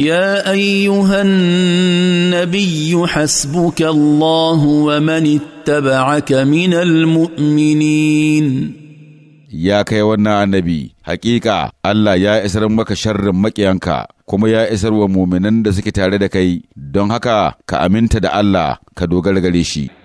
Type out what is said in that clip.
Ya ayyuhan النبي حسبك wa ومن اتبعك من المؤمنين ya kai wannan annabi haƙiƙa Allah ya isar maka sharrin makiyanka kuma ya isar wa muminan da suke tare da kai don haka ka aminta da Allah ka dogara gare shi